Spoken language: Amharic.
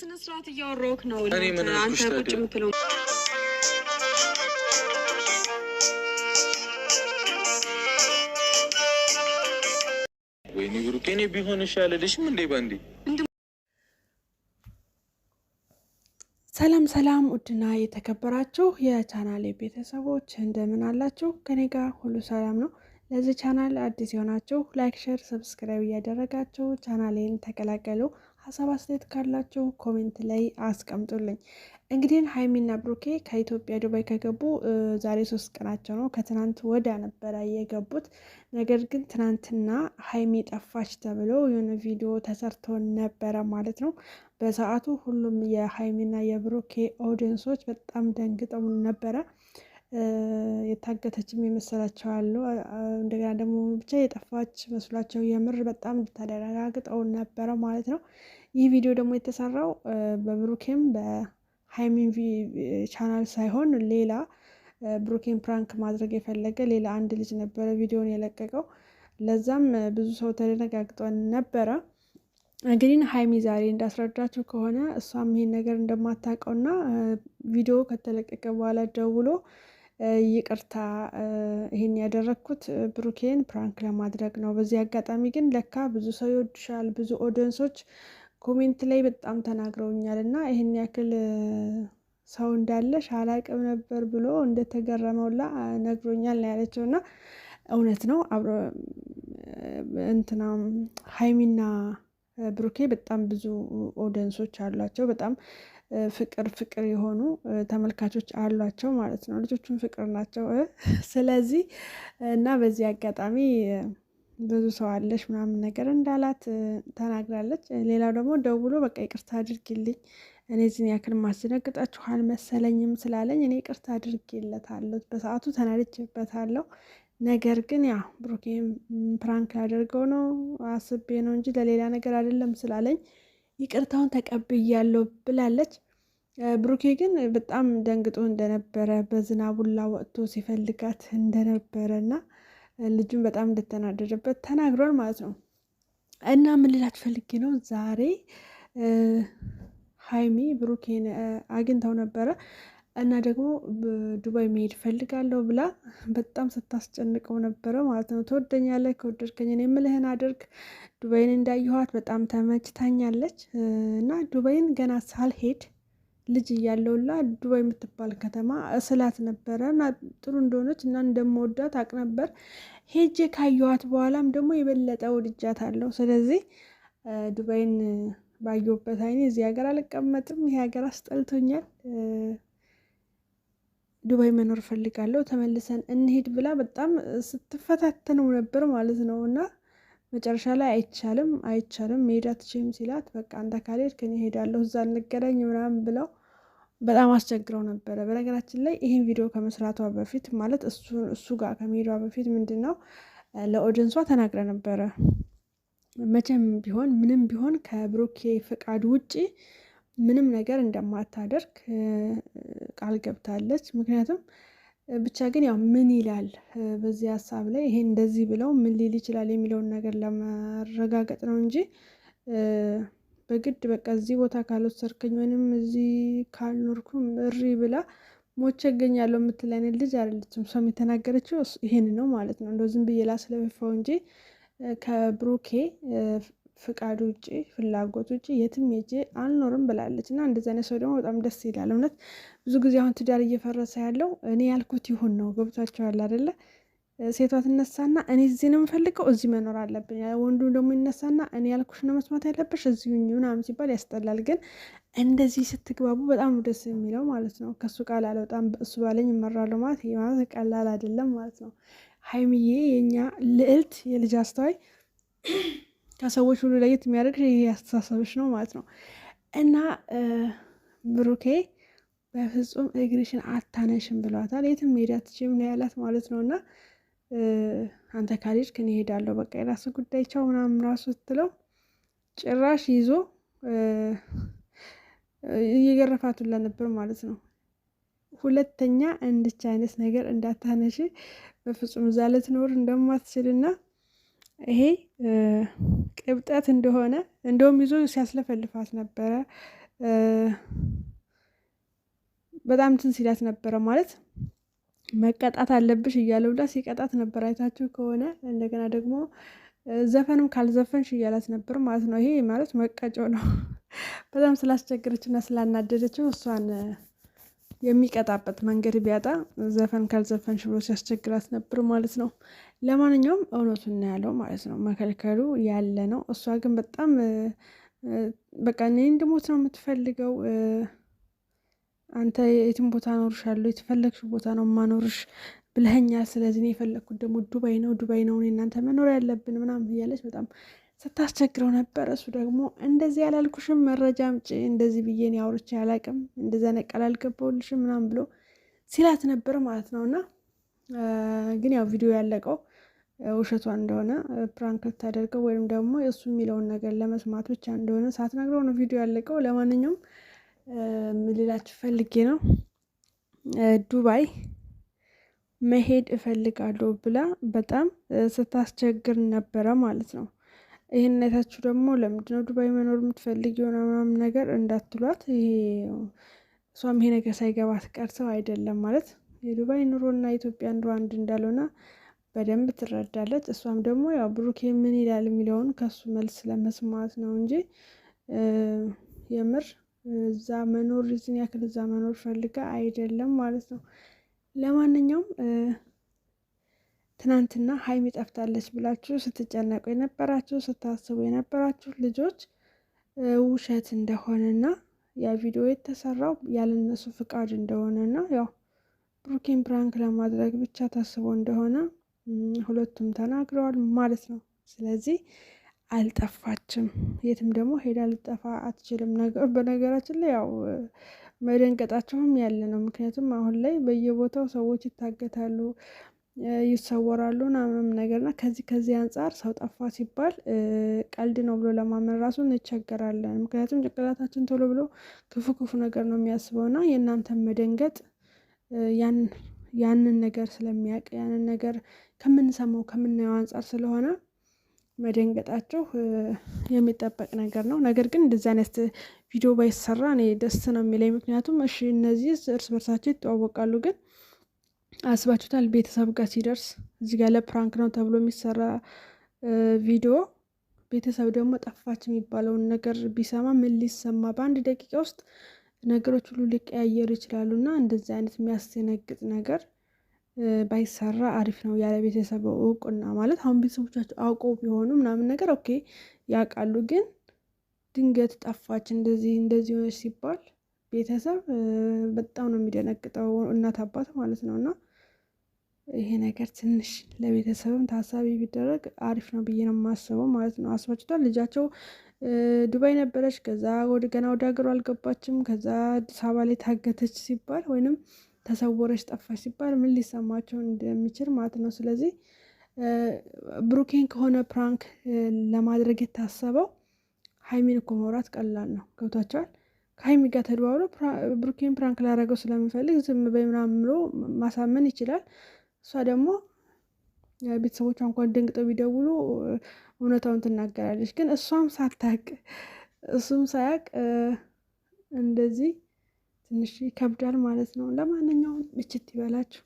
በስነ ስርዓት እያወራሁህ ነው። አንተ ቁጭ የምትለው ወይኔ ብሩኬ፣ እኔ ቢሆን ይሻለልሽም እንዴ ባንዴ ሰላም ሰላም፣ ውድና የተከበራችሁ የቻናሌ ቤተሰቦች እንደምን አላችሁ? ከኔ ጋር ሁሉ ሰላም ነው። ለዚህ ቻናል አዲስ የሆናችሁ ላይክ፣ ሸር፣ ሰብስክራይብ እያደረጋችሁ ቻናሌን ተቀላቀሉ። ሀሳብ አስተያየት ካላቸው ኮሜንት ላይ አስቀምጡልኝ። እንግዲህ ሀይሚና ብሩኬ ከኢትዮጵያ ዱባይ ከገቡ ዛሬ ሶስት ቀናቸው ነው። ከትናንት ወዲያ ነበረ የገቡት። ነገር ግን ትናንትና ሀይሚ ጠፋች ተብሎ የሆነ ቪዲዮ ተሰርቶ ነበረ ማለት ነው። በሰዓቱ ሁሉም የሀይሚና የብሩኬ ኦዲየንሶች በጣም ደንግጠው ነበረ። የታገተችም የመሰላቸው አሉ። እንደገና ደግሞ ብቻ የጠፋች መስሏቸው የምር በጣም ተደረጋግጠው ነበረ ማለት ነው። ይህ ቪዲዮ ደግሞ የተሰራው በብሩኬም በሃይሚን ቻናል ሳይሆን ሌላ ብሩኬን ፕራንክ ማድረግ የፈለገ ሌላ አንድ ልጅ ነበረ ቪዲዮን የለቀቀው። ለዛም ብዙ ሰው ተደነጋግጦ ነበረ። እንግዲህ ሀይሚ ዛሬ እንዳስረዳችሁ ከሆነ እሷም ይሄን ነገር እንደማታውቀውና ቪዲዮ ከተለቀቀ በኋላ ደውሎ ይቅርታ ይሄን ያደረግኩት ብሩኬን ፕራንክ ለማድረግ ነው። በዚህ አጋጣሚ ግን ለካ ብዙ ሰው ይወድሻል፣ ብዙ ኦዲየንሶች ኮሜንት ላይ በጣም ተናግረውኛል እና ይህን ያክል ሰው እንዳለሽ አላቅም ነበር ብሎ እንደተገረመውላ ነግሮኛል ነው ያለችው። እና እውነት ነው አብሮ እንትና ሀይሚና ብሩኬ በጣም ብዙ ኦዲየንሶች አሏቸው በጣም ፍቅር ፍቅር የሆኑ ተመልካቾች አሏቸው ማለት ነው። ልጆቹም ፍቅር ናቸው። ስለዚህ እና በዚህ አጋጣሚ ብዙ ሰው አለሽ ምናምን ነገር እንዳላት ተናግራለች። ሌላው ደግሞ ደውሎ በቃ ይቅርታ አድርጊልኝ እኔ እዚህን ያክል ማስደነግጣችሁ አልመሰለኝም ስላለኝ እኔ ይቅርታ አድርጌለታለሁ። በሰዓቱ ተናድጄበታለሁ። ነገር ግን ያው ብሩኬም ፕራንክ ያደርገው ነው አስቤ ነው እንጂ ለሌላ ነገር አይደለም ስላለኝ ይቅርታውን ተቀብያለሁ ብላለች። ብሩኬ ግን በጣም ደንግጦ እንደነበረ በዝናቡላ ወጥቶ ሲፈልጋት እንደነበረ እና ልጁም በጣም እንደተናደደበት ተናግሯል ማለት ነው። እና ምን ልላችሁ ፈልጌ ነው ዛሬ ሀይሚ ብሩኬን አግኝተው ነበረ እና ደግሞ ዱባይ መሄድ ፈልጋለሁ ብላ በጣም ስታስጨንቀው ነበረ ማለት ነው። ትወደኛለህ፣ ከወደድከኝ እኔ የምልህን አድርግ። ዱባይን እንዳየኋት በጣም ተመችታኛለች እና ዱባይን ገና ሳልሄድ ልጅ እያለውላ ዱባይ የምትባል ከተማ እስላት ነበረ እና ጥሩ እንደሆነች እና እንደምወዳት አቅ ነበር። ሄጄ ካየኋት በኋላም ደግሞ የበለጠ ውድጃት አለው። ስለዚህ ዱባይን ባየሁበት አይኔ እዚህ ሀገር አልቀመጥም፣ ይሄ ሀገር አስጠልቶኛል። ዱባይ መኖር ፈልጋለሁ ተመልሰን እንሄድ ብላ በጣም ስትፈታተነው ነበር ማለት ነው። እና መጨረሻ ላይ አይቻልም አይቻልም መሄድ አትችልም ሲላት በቃ አንተ ካልሄድ ከኔ እሄዳለሁ እዛ እንገናኝ ምናምን ብለው በጣም አስቸግረው ነበረ። በነገራችን ላይ ይህን ቪዲዮ ከመስራቷ በፊት ማለት እሱ ጋር ከመሄዷ በፊት ምንድን ነው ለኦዲየንሷ ተናግረ ነበረ። መቼም ቢሆን ምንም ቢሆን ከብሩኬ ፍቃድ ውጪ ምንም ነገር እንደማታደርግ ቃል ገብታለች። ምክንያቱም ብቻ ግን ያው ምን ይላል በዚህ ሀሳብ ላይ ይሄ እንደዚህ ብለው ምን ሊል ይችላል የሚለውን ነገር ለማረጋገጥ ነው እንጂ በግድ በቃ እዚህ ቦታ ካልወሰድከኝ ወይንም እዚህ ካልኖርኩ እሪ ብላ ሞቼ እገኛለሁ የምትል አይነት ልጅ አይደለችም። እሷም የተናገረችው ይሄን ነው ማለት ነው። እንደው ዝም ብዬ ላስለፈፈው እንጂ ከብሩኬ ፍቃድ ውጭ ፍላጎት ውጭ የትም ሄጄ አልኖርም ብላለች እና እንደዚህ አይነት ሰው ደግሞ በጣም ደስ ይላል። እውነት ብዙ ጊዜ አሁን ትዳር እየፈረሰ ያለው እኔ ያልኩት ይሁን ነው። ገብቷቸዋል አደለ? ሴቷ ትነሳና እኔ እዚህ ነው የምፈልገው እዚህ መኖር አለብን። ወንዱ ደግሞ ይነሳና እኔ ያልኩሽ ነው መስማት ያለብሽ እዚሁ ምናምን ሲባል ያስጠላል። ግን እንደዚህ ስትግባቡ በጣም ደስ የሚለው ማለት ነው። ከሱ ቃል አልወጣም እሱ ባለኝ እመራለሁ ማለት ይሄ ማለት ቀላል አይደለም ማለት ነው። ሀይምዬ የእኛ ልዕልት የልጅ አስተዋይ ከሰዎች ሁሉ ለየት የሚያደርግ ይሄ አስተሳሰብሽ ነው ማለት ነው። እና ብሩኬ በፍጹም እግርሽን አታነሽም ብሏታል። የትም መሄድ አትችይም ነው ያላት ማለት ነው። እና አንተ ካልሄድክ እኔ እሄዳለሁ፣ በቃ የራስ ጉዳይ ቻው ምናምን ራሱ ስትለው ጭራሽ ይዞ እየገረፋት ሁላ ነበር ማለት ነው። ሁለተኛ እንድች አይነት ነገር እንዳታነሽ በፍጹም እዛ ልትኖር እንደማትችልና ይሄ ቅብጠት እንደሆነ እንደውም ይዞ ሲያስለፈልፋት ነበረ። በጣም እንትን ሲላት ነበረ ማለት መቀጣት አለብሽ እያለ ብላ ሲቀጣት ነበር። አይታችሁ ከሆነ እንደገና ደግሞ ዘፈንም ካልዘፈንሽ እያላት ነበር ማለት ነው። ይሄ ማለት መቀጮ ነው። በጣም ስላስቸግረችና ስላናደደችው እሷን የሚቀጣበት መንገድ ቢያጣ ዘፈን ካልዘፈን ሽብሮ ሲያስቸግራት ነበር ማለት ነው። ለማንኛውም እውነቱን ነው ያለው ማለት ነው። መከልከሉ ያለ ነው። እሷ ግን በጣም በቃ እኔን እንድሞት ነው የምትፈልገው። አንተ የትም ቦታ አኖርሻለሁ፣ የተፈለግሽ ቦታ ነው ማኖርሽ ብለኸኛል። ስለዚህ እኔ የፈለግኩት ደግሞ ዱባይ ነው ዱባይ ነው እናንተ መኖር ያለብን ምናምን እያለች በጣም ስታስቸግረው ነበረ። እሱ ደግሞ እንደዚህ ያላልኩሽም መረጃ አምጪ፣ እንደዚህ ብዬን ያውርች አላቅም፣ እንደዚ ነቀል አላልገባሁልሽም ምናምን ብሎ ሲላት ነበር ማለት ነው። እና ግን ያው ቪዲዮ ያለቀው ውሸቷ እንደሆነ ፕራንክ ታደርገው ወይም ደግሞ እሱ የሚለውን ነገር ለመስማት ብቻ እንደሆነ ሳትነግረው ነው ቪዲዮ ያለቀው። ለማንኛውም ምልላችሁ ፈልጌ ነው ዱባይ መሄድ እፈልጋለሁ ብላ በጣም ስታስቸግር ነበረ ማለት ነው። ይህን አይታችሁ ደግሞ ለምንድነው ዱባይ መኖር የምትፈልግ የሆነ ምናምን ነገር እንዳትሏት። ይሄ እሷም ይሄ ነገር ሳይገባት ቀርተው አይደለም ማለት የዱባይ ኑሮና ኢትዮጵያ ኑሮ አንድ እንዳልሆነ በደንብ ትረዳለች። እሷም ደግሞ ያው ብሩኬ ምን ይላል የሚለውን ከሱ መልስ ለመስማት ነው እንጂ የምር እዛ መኖር ዝን ያክል እዛ መኖር ፈልጋ አይደለም ማለት ነው። ለማንኛውም ትናንትና ሀይሚ ጠፍታለች ብላችሁ ስትጨነቁ የነበራችሁ ስታስቡ የነበራችሁ ልጆች ውሸት እንደሆነና ያ ቪዲዮ የተሰራው ያለነሱ ፍቃድ እንደሆነና ያው ብሩኬን ፕራንክ ለማድረግ ብቻ ታስቦ እንደሆነ ሁለቱም ተናግረዋል ማለት ነው። ስለዚህ አልጠፋችም፣ የትም ደግሞ ሄዳ ልጠፋ አትችልም። በነገራችን ላይ ያው መደንቀጣቸውም ያለ ነው። ምክንያቱም አሁን ላይ በየቦታው ሰዎች ይታገታሉ። ይሰወራሉ ምናምንም እና ከዚህ ከዚህ አንጻር ሰው ጠፋ ሲባል ቀልድ ነው ብሎ ለማመን ራሱ እንቸገራለን። ምክንያቱም ጭንቅላታችን ቶሎ ብሎ ክፉ ክፉ ነገር ነው የሚያስበው እና የእናንተን መደንገጥ ያንን ነገር ስለሚያውቅ ያንን ነገር ከምንሰማው ከምናየው አንጻር ስለሆነ መደንገጣችሁ የሚጠበቅ ነገር ነው። ነገር ግን እንደዚህ አይነት ቪዲዮ ባይሰራ እኔ ደስ ነው የሚለኝ። ምክንያቱም እሺ እነዚህ እርስ በርሳቸው ይተዋወቃሉ ግን አስባችሁታል? ቤተሰብ ጋር ሲደርስ እዚህ ጋር ለፕራንክ ነው ተብሎ የሚሰራ ቪዲዮ ቤተሰብ ደግሞ ጠፋች የሚባለውን ነገር ቢሰማ ምን ሊሰማ፣ በአንድ ደቂቃ ውስጥ ነገሮች ሁሉ ሊቀያየሩ ይችላሉ። እና እንደዚህ አይነት የሚያስደነግጥ ነገር ባይሰራ አሪፍ ነው። ያለ ቤተሰብ እውቅና ማለት አሁን ቤተሰቦቻቸው አውቀው ቢሆኑ ምናምን ነገር ኦኬ ያውቃሉ። ግን ድንገት ጠፋች እንደዚህ እንደዚህ ሆነች ሲባል ቤተሰብ በጣም ነው የሚደነግጠው፣ እናት አባት ማለት ነው እና ይሄ ነገር ትንሽ ለቤተሰብም ታሳቢ ቢደረግ አሪፍ ነው ብዬ ነው የማስበው ማለት ነው። አስመችቷል። ልጃቸው ዱባይ ነበረች፣ ከዛ ወደ ገና ወደ ሀገሩ አልገባችም። ከዛ አዲስ አበባ ላይ ታገተች ሲባል ወይንም ተሰወረች፣ ጠፋች ሲባል ምን ሊሰማቸው እንደሚችል ማለት ነው። ስለዚህ ብሩኬን ከሆነ ፕራንክ ለማድረግ የታሰበው ሀይሚን እኮ መውራት ቀላል ነው። ገብቷቸዋል። ከሀይሚ ጋር ተደዋውሎ ብሩኬን ፕራንክ ላደረገው ስለሚፈልግ ዝም በይ ምናምን ብሎ ማሳመን ይችላል። እሷ ደግሞ ቤተሰቦቿ እንኳን ደንግጠው ቢደውሉ እውነታውን ትናገራለች። ግን እሷም ሳታቅ እሱም ሳያቅ እንደዚህ ትንሽ ይከብዳል ማለት ነው። ለማንኛውም ምችት ይበላችሁ።